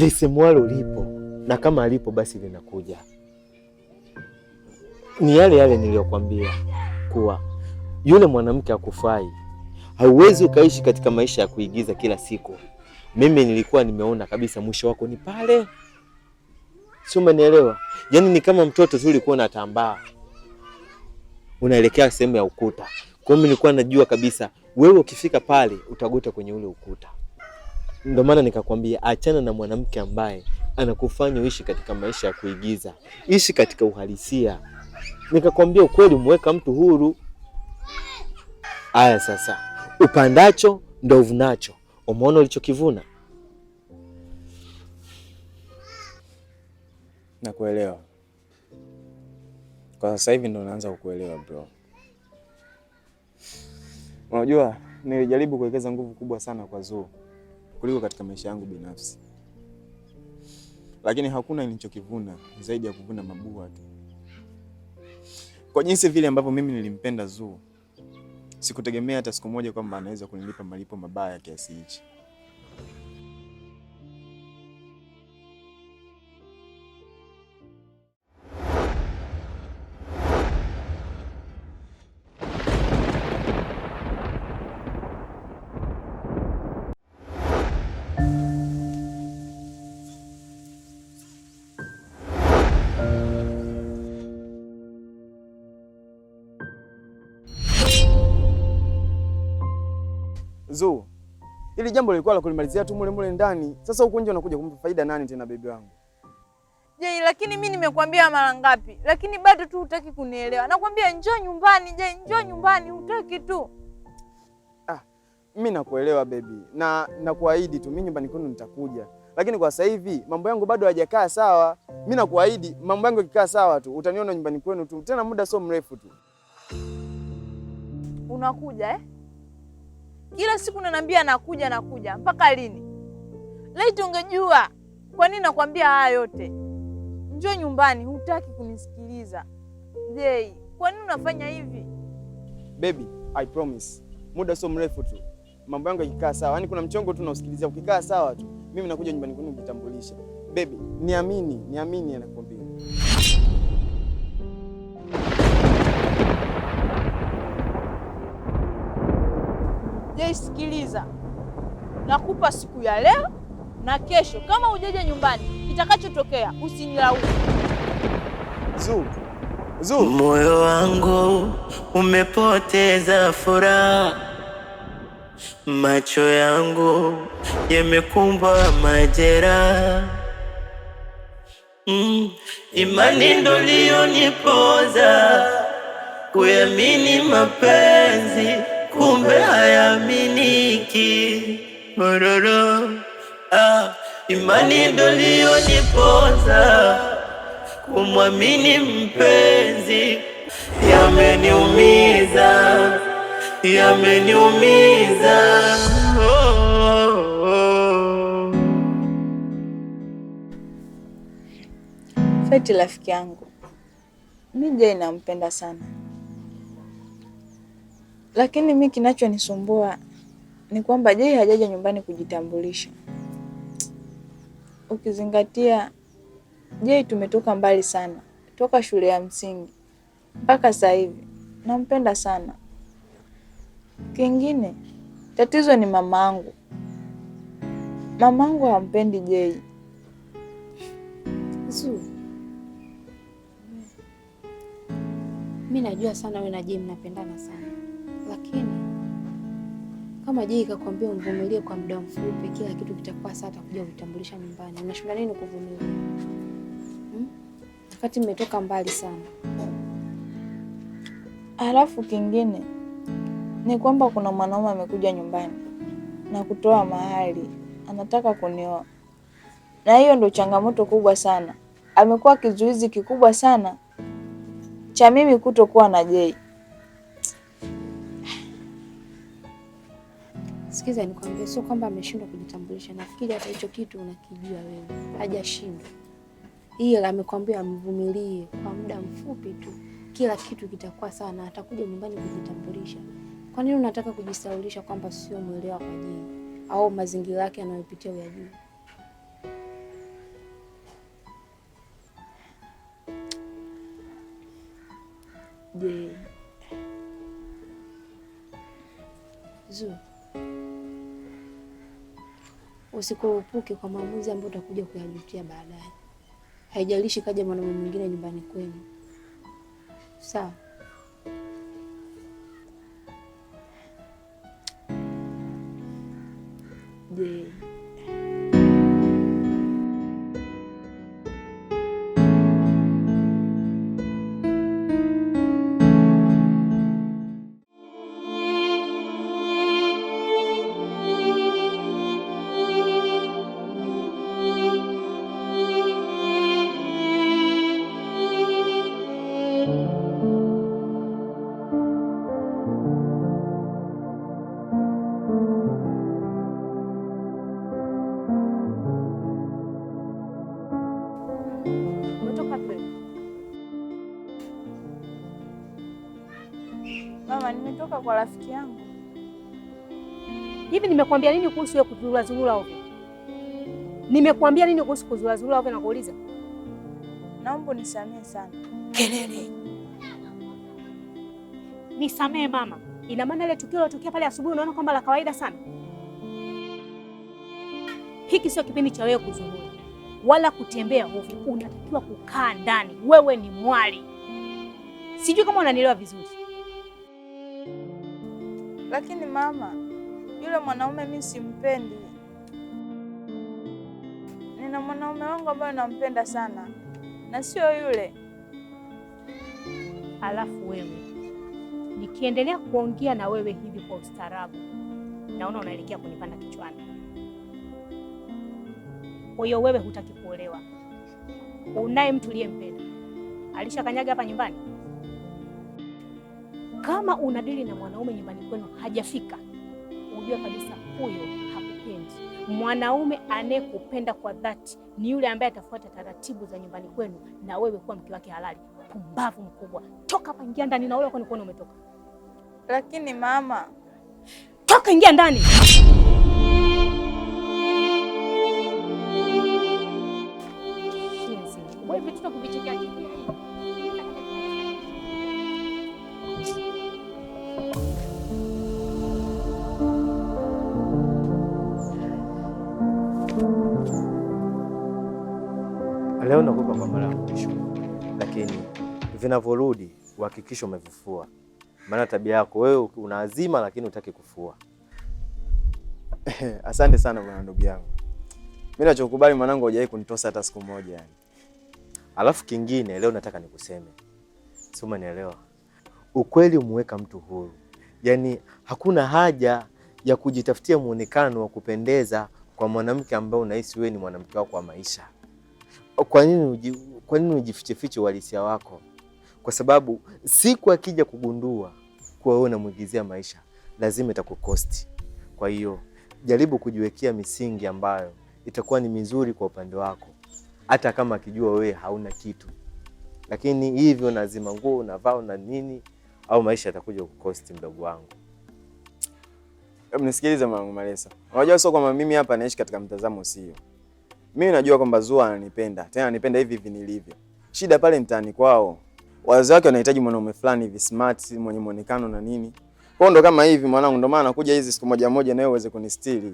lisemwalo lipo, na kama alipo basi linakuja. Ni yale yale niliyokwambia kuwa yule mwanamke akufai, hauwezi ukaishi katika maisha ya kuigiza kila siku. Mimi nilikuwa nimeona kabisa mwisho wako ni pale, si umenielewa? Yaani ni kama mtoto tu ulikuwa unatambaa unaelekea sehemu ya ukuta. Kwa hiyo nilikuwa najua kabisa wewe ukifika pale utagota kwenye ule ukuta. Ndio maana nikakwambia achana na mwanamke ambaye anakufanya uishi katika maisha ya kuigiza, ishi katika uhalisia. Nikakwambia ukweli, umeweka mtu huru. Aya, sasa upandacho ndo uvunacho. Umeona ulichokivuna? Nakuelewa kwa sasa hivi, ndo naanza kukuelewa bro. Unajua, nilijaribu kuwekeza nguvu kubwa sana kwa Zuu kuliko katika maisha yangu binafsi, lakini hakuna nilichokivuna zaidi ya kuvuna mabua tu. Kwa jinsi vile ambavyo mimi nilimpenda Zuu, sikutegemea hata siku moja kwamba anaweza kunilipa malipo mabaya kiasi hichi. Zuu, ili jambo lilikuwa la kulimalizia tu mule mule ndani. Sasa huko nje unakuja kumpa faida nani tena bibi wangu? Je, lakini mimi nimekuambia mara ngapi? Lakini bado tu hutaki kunielewa. Nakwambia njoo nyumbani, je, njoo nyumbani hutaki tu. Ah, mimi nakuelewa bebi. Na nakuahidi tu mimi nyumbani kwenu nitakuja. Lakini kwa sasa hivi mambo yangu bado hayajakaa sawa. Mimi nakuahidi mambo yangu yakikaa sawa tu utaniona nyumbani kwenu tu. Tena muda sio mrefu tu. Unakuja eh? Kila siku unaniambia nakuja nakuja, mpaka lini? Laiti ungejua kwa nini nakwambia haya yote. Njoo nyumbani, hutaki kunisikiliza. Je, kwa nini unafanya hivi? Baby, I promise, muda sio mrefu tu mambo yangu yakikaa sawa, yaani kuna mchongo tu nausikilizia, ukikaa sawa tu mimi nakuja nyumbani kwenu kujitambulisha. Baby, niamini, niamini anakwambia Je, sikiliza, nakupa siku ya leo na kesho. Kama ujaja nyumbani, kitakachotokea usinilaumu. Zuu, Zuu, moyo wangu umepoteza furaha, macho yangu yamekumbwa majeraha. Mm, imani ndo iliyonipoza kuyamini mapenzi mambo hayaminiki mororo ah, imani dolio nipoza kumwamini mpenzi, yameniumiza yameniumiza Feti rafiki yangu mimi nampenda sana lakini mi kinachonisumbua ni kwamba Jei hajaja nyumbani kujitambulisha, ukizingatia Jei tumetoka mbali sana toka shule ya msingi mpaka sasa hivi. Nampenda sana. Kingine tatizo ni mamangu, mamangu hampendi Jei. Mi najua sana wewe na Jei mnapendana sana lakini kama je, ikakwambia umvumilie kwa muda mfupi, kila kitu kitakuwa sawa, atakuja kutambulisha nyumbani. Unashinda nini kuvumilia hmm? wakati hmm? Mmetoka mbali sana. Halafu kingine ni kwamba kuna mwanaume amekuja nyumbani na kutoa mahali, anataka kunioa, na hiyo ndo changamoto kubwa sana. Amekuwa kizuizi kikubwa sana cha mimi kutokuwa na Jei. Sikiza nikwambie, sio kwamba ameshindwa kujitambulisha. Nafikiri hata hicho kitu unakijua wewe, hajashindwa, ila amekwambia amvumilie kwa muda mfupi tu, kila kitu kitakuwa sawa na atakuja nyumbani kujitambulisha. Kwa nini unataka kujisaulisha kwamba sio mwelewa kwa jini au mazingira yake anayopitia uyajua? Je, usikurupuke kwa maamuzi ambayo utakuja kuyajutia baadaye. Haijalishi kaja mwanaume mwingine nyumbani kwenu, sawa? Je, hivi nimekuambia nini kuhusu wewe kuzurura zurura ovyo? Nimekwambia nini kuhusu kuzurura zurura ovyo? Nakuuliza, naomba unisamehe sana. Kelele nisamehe mama, ina maana ile tukio lilotokea pale asubuhi unaona kwamba la kawaida sana? Hiki sio kipindi cha wewe kuzurura wala kutembea ovyo, unatakiwa kukaa ndani. Wewe ni mwali, sijui kama unanielewa vizuri. Lakini mama yule mwanaume mi simpendi. Nina mwanaume wangu ambaye nampenda sana na sio yule. Alafu wewe, nikiendelea kuongea na wewe hivi kwa ustaarabu, naona unaelekea kunipanda kichwani. Kwa hiyo wewe hutaki kuolewa? Unaye mtu uliyempenda alishakanyaga hapa nyumbani? Kama unadili na mwanaume nyumbani kwenu hajafika kujua kabisa huyo hakupendi. Mwanaume anayekupenda kwa dhati ni yule ambaye atafuata taratibu za nyumbani kwenu na wewe kuwa mke wake halali. Pumbavu mkubwa! Toka hapa, ingia ndani na ule kwani kuona umetoka. Lakini mama, toka, ingia ndani. wewe vitu kuvichekea kipi? kwa kwa mara ya mwisho, lakini vinavyorudi uhakikisha umevifua, maana tabia yako wewe unaazima lakini utaki kufua. Asante sana bwana, ndugu yangu, mimi nachokubali mwanangu, hujawahi kunitosa hata siku moja yani. Alafu kingine leo nataka nikuseme, si umenielewa? Ukweli umeweka mtu huru, yaani hakuna haja ya kujitafutia muonekano wa kupendeza kwa mwanamke ambaye unahisi wewe ni mwanamke wako wa maisha. Kwa nini uji, kwa nini ujifichefiche uhalisia wako? Kwa sababu siku akija kugundua kuwa wewe unamwigizia maisha, lazima itakukosti. Kwa hiyo jaribu kujiwekea misingi ambayo itakuwa ni mizuri kwa upande wako, hata kama akijua wewe hauna kitu, lakini hivyo nazima nguo unavaa na nini, au maisha yatakuja kukosti, mdogo wangu. Mnisikilize mwanangu Malesa, unajua sio kwamba mimi hapa naishi katika mtazamo sio mimi najua kwamba Zuwa ananipenda, tena ananipenda hivi hivi nilivyo. Shida pale mtaani kwao, wazazi wake wanahitaji mwanaume fulani hivi smart, mwenye muonekano na nini. Kwa ndo kama hivi mwanangu, ndo maana nakuja hizi siku moja moja, nawe uweze kunistiri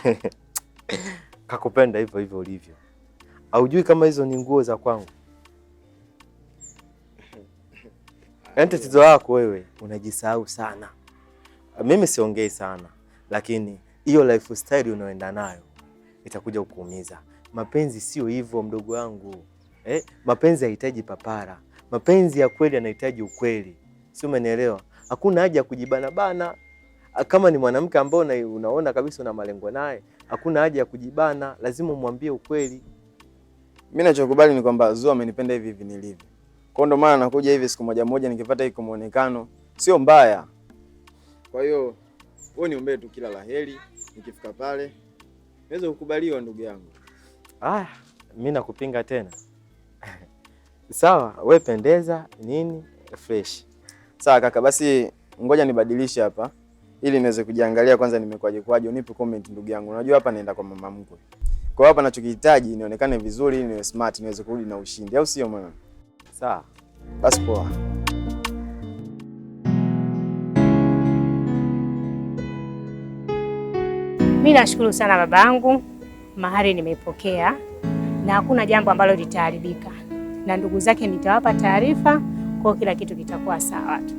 kakupenda hivyo hivyo ulivyo. Haujui kama hizo ni nguo za kwangu. Yaani tatizo lako wewe, unajisahau sana. Mimi siongei sana, lakini hiyo lifestyle unaoenda nayo itakuja kukuumiza. Mapenzi sio hivyo mdogo wangu eh? Mapenzi hayahitaji papara. Mapenzi ya kweli yanahitaji ukweli, si umenielewa? Hakuna haja ya kujibanabana. Ah, kama ni mwanamke ambaye unaona kabisa una malengo naye, hakuna haja ya kujibana, lazima umwambie ukweli. Mimi nachokubali ni kwamba Zuo amenipenda hivi hivi nilivyo, kwa ndo maana nakuja hivi siku moja moja, nikipata hiki muonekano sio mbaya. Kwa hiyo wewe niombee tu kila laheri nikifika pale Naweza kukubaliwa ndugu yangu. Ah, mimi nakupinga tena. Sawa, we pendeza nini fresh. Sawa kaka, basi ngoja nibadilishe hapa ili niweze kujiangalia kwanza nimekwaje kwaje. Unipe comment ndugu yangu. Unajua hapa naenda kwa mama mkwe. Kwa hapa nachokihitaji nionekane vizuri, niwe smart, niweze kurudi na ushindi, au sio mwana? Sawa. Basi poa. Mi nashukuru sana babangu, mahari nimeipokea na hakuna jambo ambalo litaharibika, na ndugu zake nitawapa taarifa, kwa kila kitu kitakuwa sawa tu.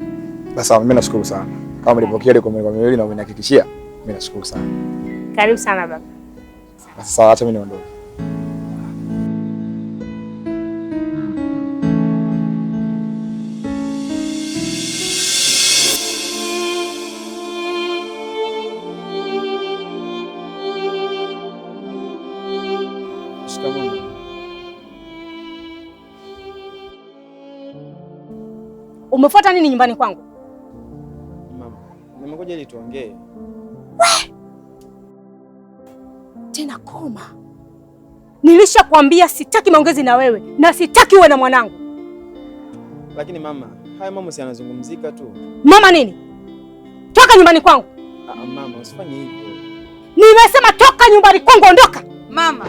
Basi mimi nashukuru sana kama mlipokea ile kwa miwili na umenihakikishia, mimi nashukuru sana. Karibu sana baba. Sasa acha mimi niondoke. Umefuata nini nyumbani kwangu? Mama, nimekuja ili tuongee. We! Tena koma. Nilishakwambia sitaki maongezi na wewe na sitaki uwe na mwanangu. Lakini mama, haya mambo si yanazungumzika tu. Mama nini? Toka nyumbani kwangu. Ah, mama, usifanye hivyo. Nimesema toka nyumbani kwangu, ondoka. Mama.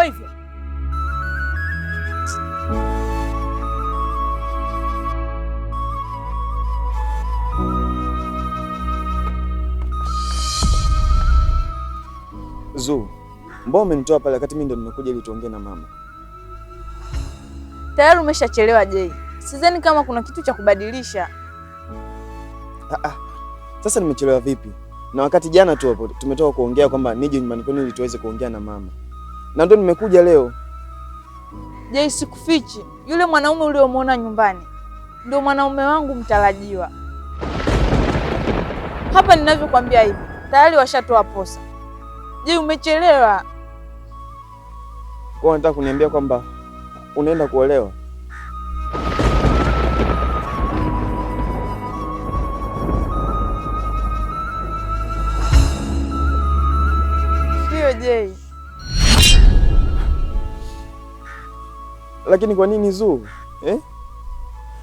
hivyo hivyo. Zuu, mbona umenitoa pale wakati mimi ndo nimekuja ili tuongee na mama? Tayari umeshachelewa Jei. Sidhani kama kuna kitu cha kubadilisha. Ah, ah. Sasa nimechelewa vipi? Na wakati jana tu hapo tumetoka kuongea kwamba nije nyumbani kwenu ili tuweze kuongea na mama na ndio nimekuja leo. Je, sikufichi, yule mwanaume uliomwona nyumbani ndio mwanaume wangu mtarajiwa. Hapa ninavyokwambia hivi tayari washatoa posa. Je, umechelewa? Kwa nataka kuniambia kwamba unaenda kuolewa? Lakini kwa nini Zuu eh?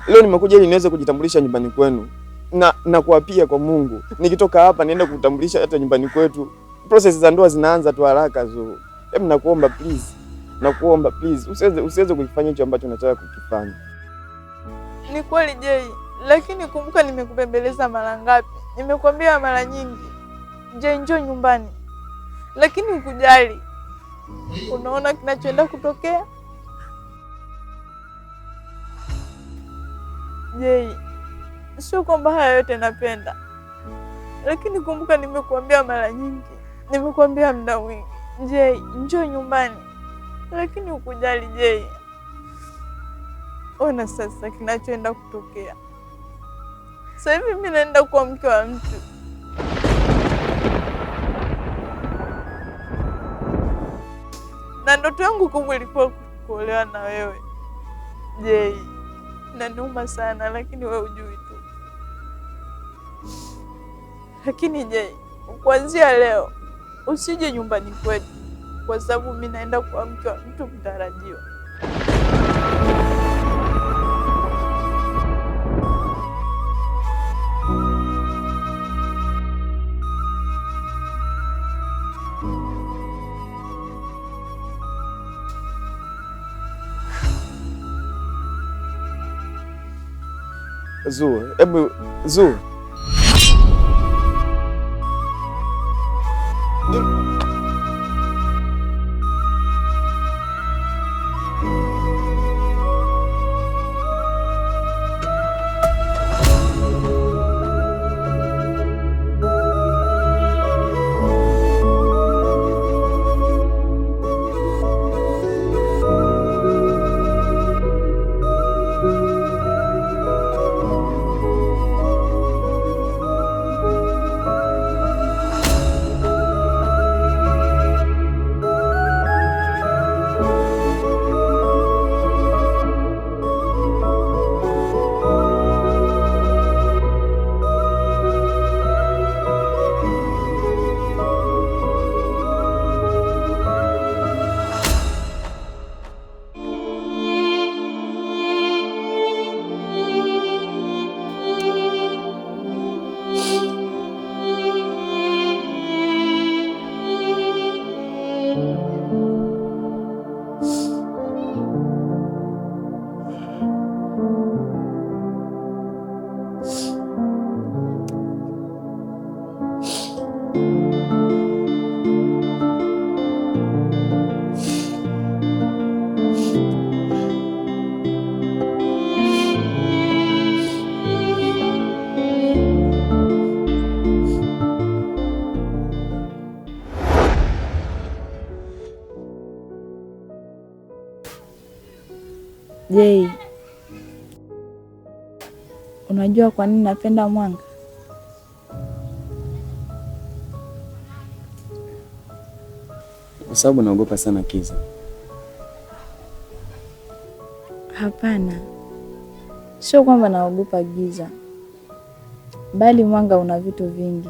Leo nimekuja ili niweze kujitambulisha nyumbani kwenu na na kuapia kwa Mungu, nikitoka hapa nienda kutambulisha hata nyumbani kwetu. Process za ndoa zinaanza tu haraka Zuu. Hebu nakuomba please, nakuomba please, usiweze usiweze kuifanya hicho ambacho unataka kukifanya. Ni kweli Jei, lakini kumbuka, nimekubembeleza mara ngapi? Nimekuambia mara nyingi, Jei njoo nyumbani, lakini ukujali. Unaona kinachoenda kutokea. Jei, sio kwamba haya yote napenda, lakini kumbuka, nimekuambia mara nyingi, nimekuambia muda mwingi, Jei, njoo nyumbani, lakini ukujali Jei. Ona sasa kinachoenda kutokea. Sasa hivi mimi naenda kuwa mke wa mtu. Na ndoto yangu kubwa ilikuwa kuolewa na wewe Jei nanuma sana, lakini we ujui tu. Lakini je, kuanzia leo usije nyumbani kwetu, kwa sababu mi naenda kuamkiwa mtu mtarajiwa. Zuu, hebu Zuu Jei, unajua kwa nini napenda mwanga? Kwa sababu naogopa sana kiza. Hapana, sio kwamba naogopa giza, bali mwanga una vitu vingi,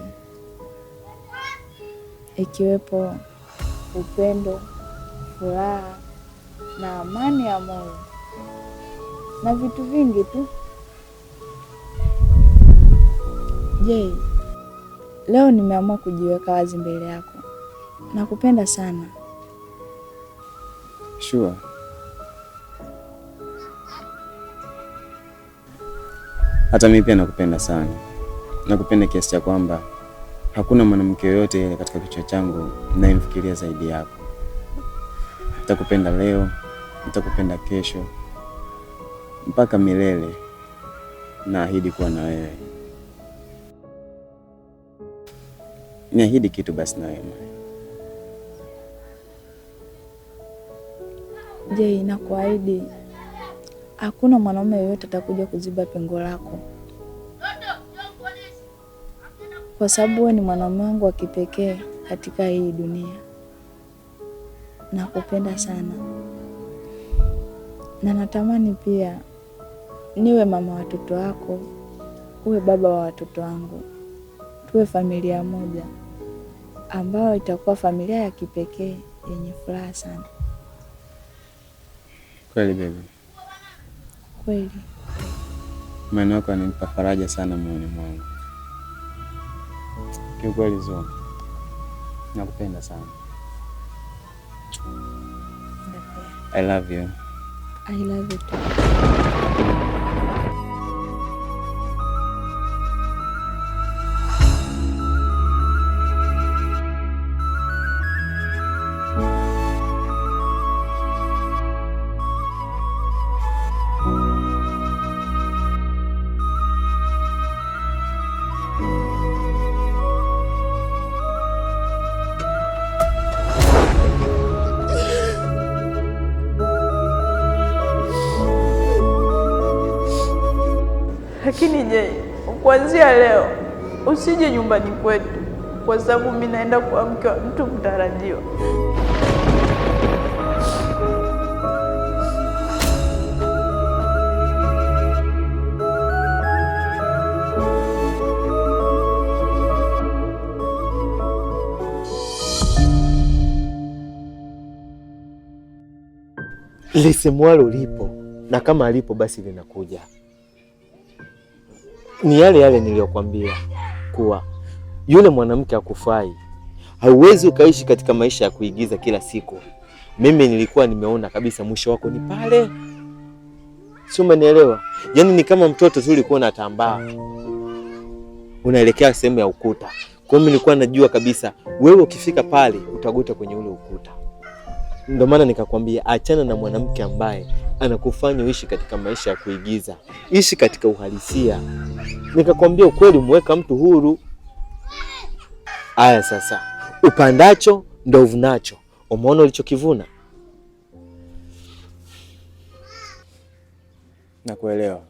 ikiwepo upendo, furaha na amani ya moyo na vitu vingi tu. Je, leo nimeamua kujiweka wazi mbele yako. Nakupenda sana. Sure. Hata mimi pia nakupenda sana. Nakupenda kiasi cha kwamba hakuna mwanamke yoyote ile katika kichwa changu ninayemfikiria zaidi yako. Nitakupenda leo, nitakupenda kesho mpaka milele. Naahidi kuwa na wewe. Niahidi kitu basi na wewe Je, nakuahidi hakuna mwanaume yeyote atakuja kuziba pengo lako, kwa sababu wewe ni mwanaume wangu wa kipekee katika hii dunia. Nakupenda sana na natamani pia niwe mama watoto wako, uwe baba wa watoto wangu, tuwe familia moja ambayo itakuwa familia ya kipekee yenye furaha sana. Kweli bebe, kweli maneno yako yananipa faraja sana moyoni mwangu. Kiukweli zo, nakupenda sana. I love you. I love you too. DJ, kuanzia leo usije nyumbani kwetu, kwa sababu mimi naenda kwa mke wa mtu mtarajiwa. Lisemwalo lipo na kama alipo basi linakuja ni yale yale niliyokwambia kuwa yule mwanamke akufai, hauwezi ukaishi katika maisha ya kuigiza kila siku. Mimi nilikuwa nimeona kabisa mwisho wako ni pale, sio? umenielewa? Yaani ni kama mtoto tu ulikuwa unatambaa unaelekea sehemu ya ukuta. Kwa hiyo nilikuwa najua kabisa wewe ukifika pale utagota kwenye ule ukuta. Ndio maana nikakwambia achana na mwanamke ambaye anakufanya uishi katika maisha ya kuigiza, ishi katika uhalisia. Nikakwambia ukweli, umeweka mtu huru. Aya, sasa upandacho ndo uvunacho. Umeona ulichokivuna? Nakuelewa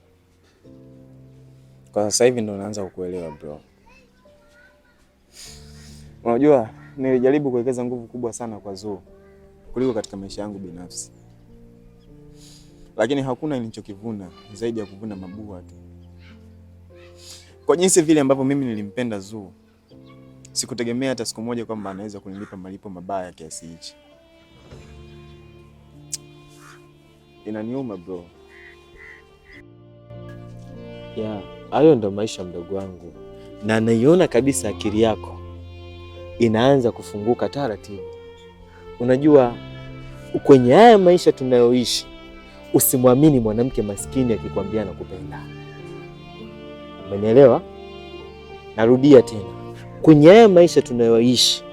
kwa sasa hivi, ndo naanza kukuelewa bro. Unajua, nilijaribu kuwekeza nguvu kubwa sana kwa Zuu kuliko katika maisha yangu binafsi, lakini hakuna nilichokivuna zaidi ya kuvuna mabua tu. Kwa jinsi vile ambavyo mimi nilimpenda Zuu, sikutegemea hata siku moja kwamba anaweza kunilipa malipo mabaya ya kiasi hichi. Inaniuma bro. Yeah, hayo ndo maisha mdogo wangu, na naiona kabisa akili yako inaanza kufunguka taratibu. Unajua, kwenye haya maisha tunayoishi, usimwamini mwanamke maskini akikwambia nakupenda. Umenielewa? Narudia tena, kwenye haya maisha tunayoishi,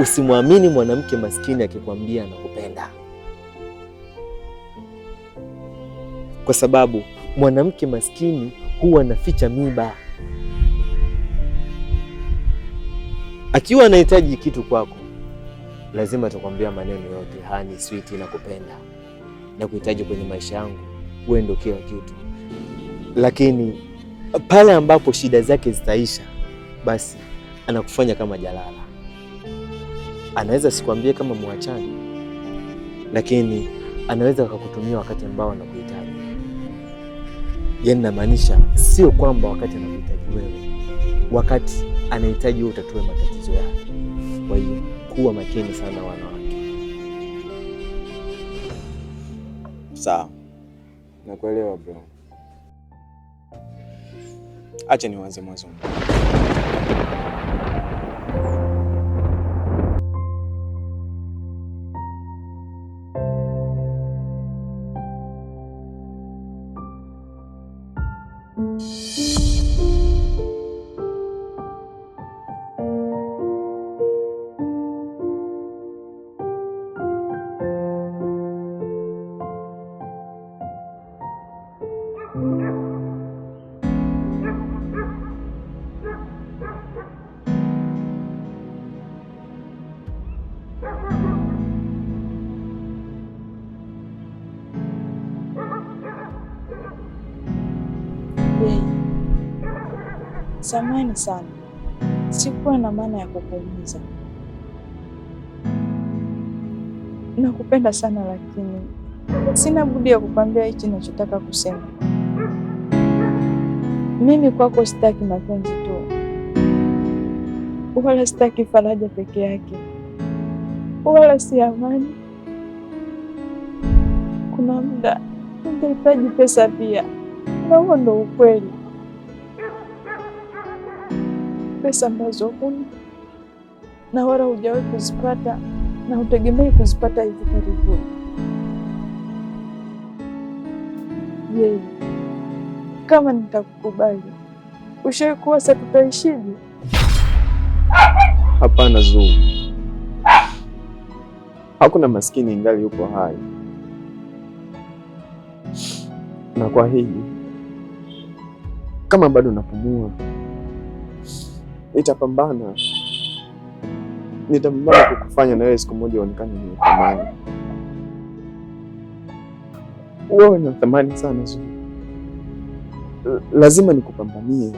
usimwamini mwanamke maskini akikwambia anakupenda, kwa sababu mwanamke maskini huwa anaficha miba. Akiwa anahitaji kitu kwako, lazima atakwambia maneno yote, hani switi, nakupenda, kuhitaji kwenye maisha yangu, wewe ndio kila kitu, lakini pale ambapo shida zake zitaisha, basi anakufanya kama jalala. Anaweza sikwambie kama mwachani, lakini anaweza akakutumia wakati ambao anakuhitaji. yani namaanisha sio kwamba wakati anakuhitaji wewe, wakati anahitaji wewe utatue matatizo yake. Kwa hiyo kuwa makini sana wanawake. Sawa, nakuelewa bro. Acha nianze mwanzo. bei. Samahani sana, sikuwa na maana ya kukuumiza. Nakupenda sana, lakini sina budi ya kukwambia hichi nachotaka kusema. Mimi kwako sitaki mapenzi tu, wala sitaki faraja peke yake, wala si amani. Kuna muda ningehitaji pesa pia na huo ndo ukweli. Pesa ambazo huna na wala hujawahi kuzipata na utegemei kuzipata hivi karibuni. Je, kama nitakukubali, ushawahi kuwasa tutaishije? Hapana Zuu, hakuna maskini ingali yuko hai, na kwa hili kama bado napumua, nitapambana, nitapambana kukufanya na wewe siku moja uonekane mwenye thamani. Wewe na thamani sana Zuchu, lazima nikupambanie.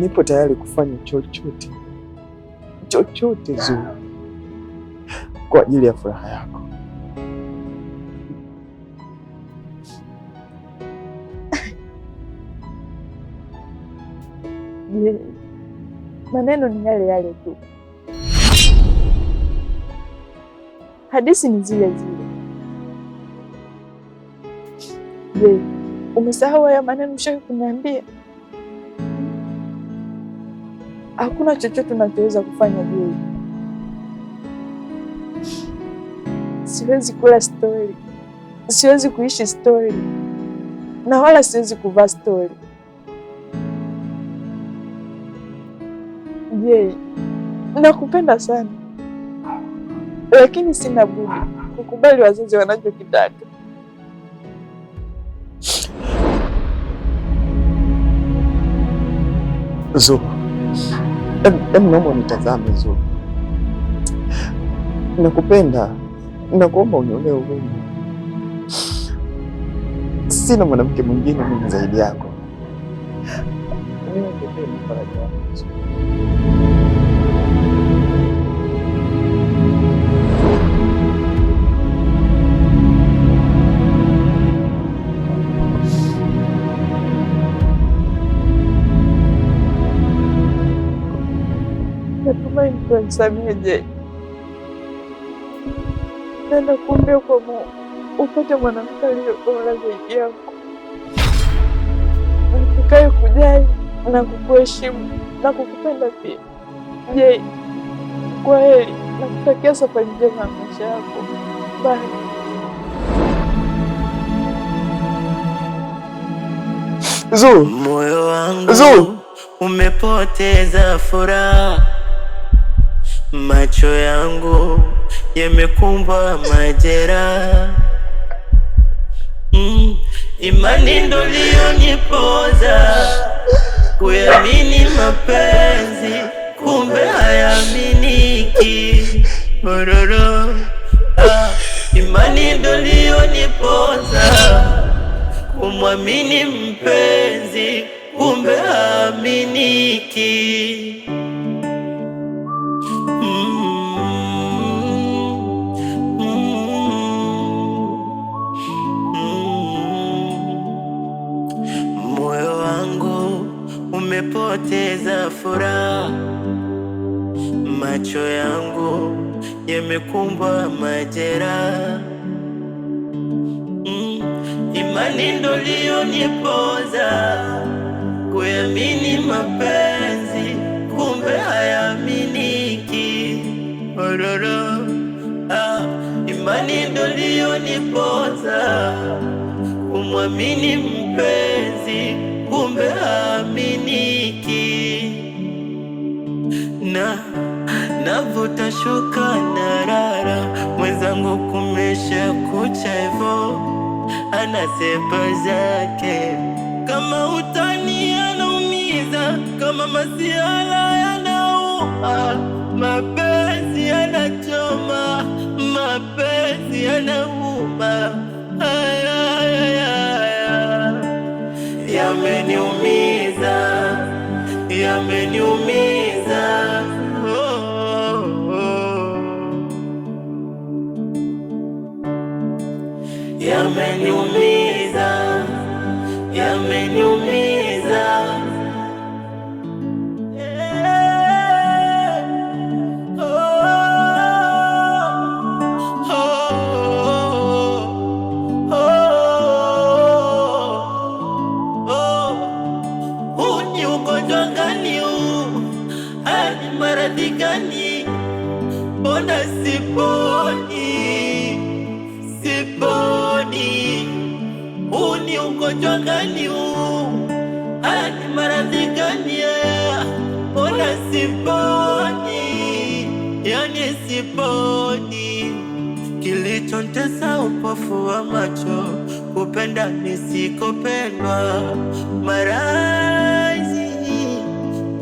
Nipo tayari kufanya chochote chochote Zuri, kwa ajili ya furaha yako. Je, maneno ni yale yale tu, hadithi ni zile zile. Je, umesahau haya maneno shaka kuniambia? Hakuna chochote unachoweza kufanya juu. Siwezi kula stori, siwezi kuishi stori, na wala siwezi kuvaa stori. Je, nakupenda sana, lakini sina budi kukubali wazazi wanachokitaka. Zuhu, naomba unitazame zuu nakupenda, nakuomba unionee huruma. Sina mwanamke mwingine mimi zaidi yako. Mungu anisamehe. Na nakuombea kwa Mungu upate mwanamke aliye bora zaidi yako, atakaye kujali na kukuheshimu na kukupenda pia. Je, kwa heri, nakutakia safari njema ya maisha yako. Bye. Zuu, moyo wangu umepoteza furaha Macho yangu yamekumbwa majeraha mm. Imani ndo liyonipoza kuamini mapenzi, kumbe hayaminiki mororo ah. Imani ndo liyonipoza kumwamini mpenzi, kumbe haaminiki Moyo umepoteza furaha, macho yangu yamekumbwa majeraha. Mm, imani ndo iliyonipoza kuamini mapenzi, kumbe hayaamini Ah, imani ndo nipoza kumwamini mpenzi, kumbe haaminiki na navuta shuka na rara mwenzangu, kumesha kucha ana sepa zake kama utani anaumiza, kama masiala yanaua mapenzi yanachoma, mapenzi yanauma, yameniumiza, yameniumiza kilichonitesa upofu wa macho, kupenda nisikopendwa, marazi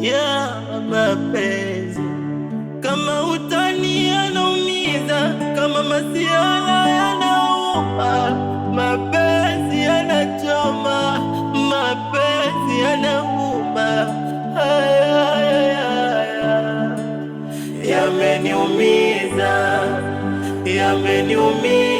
ya mapenzi. Kama utani yanaumiza, kama masiala yanauma, mapenzi yanachoma, mapenzi yanauma, yameniumiza ameniumia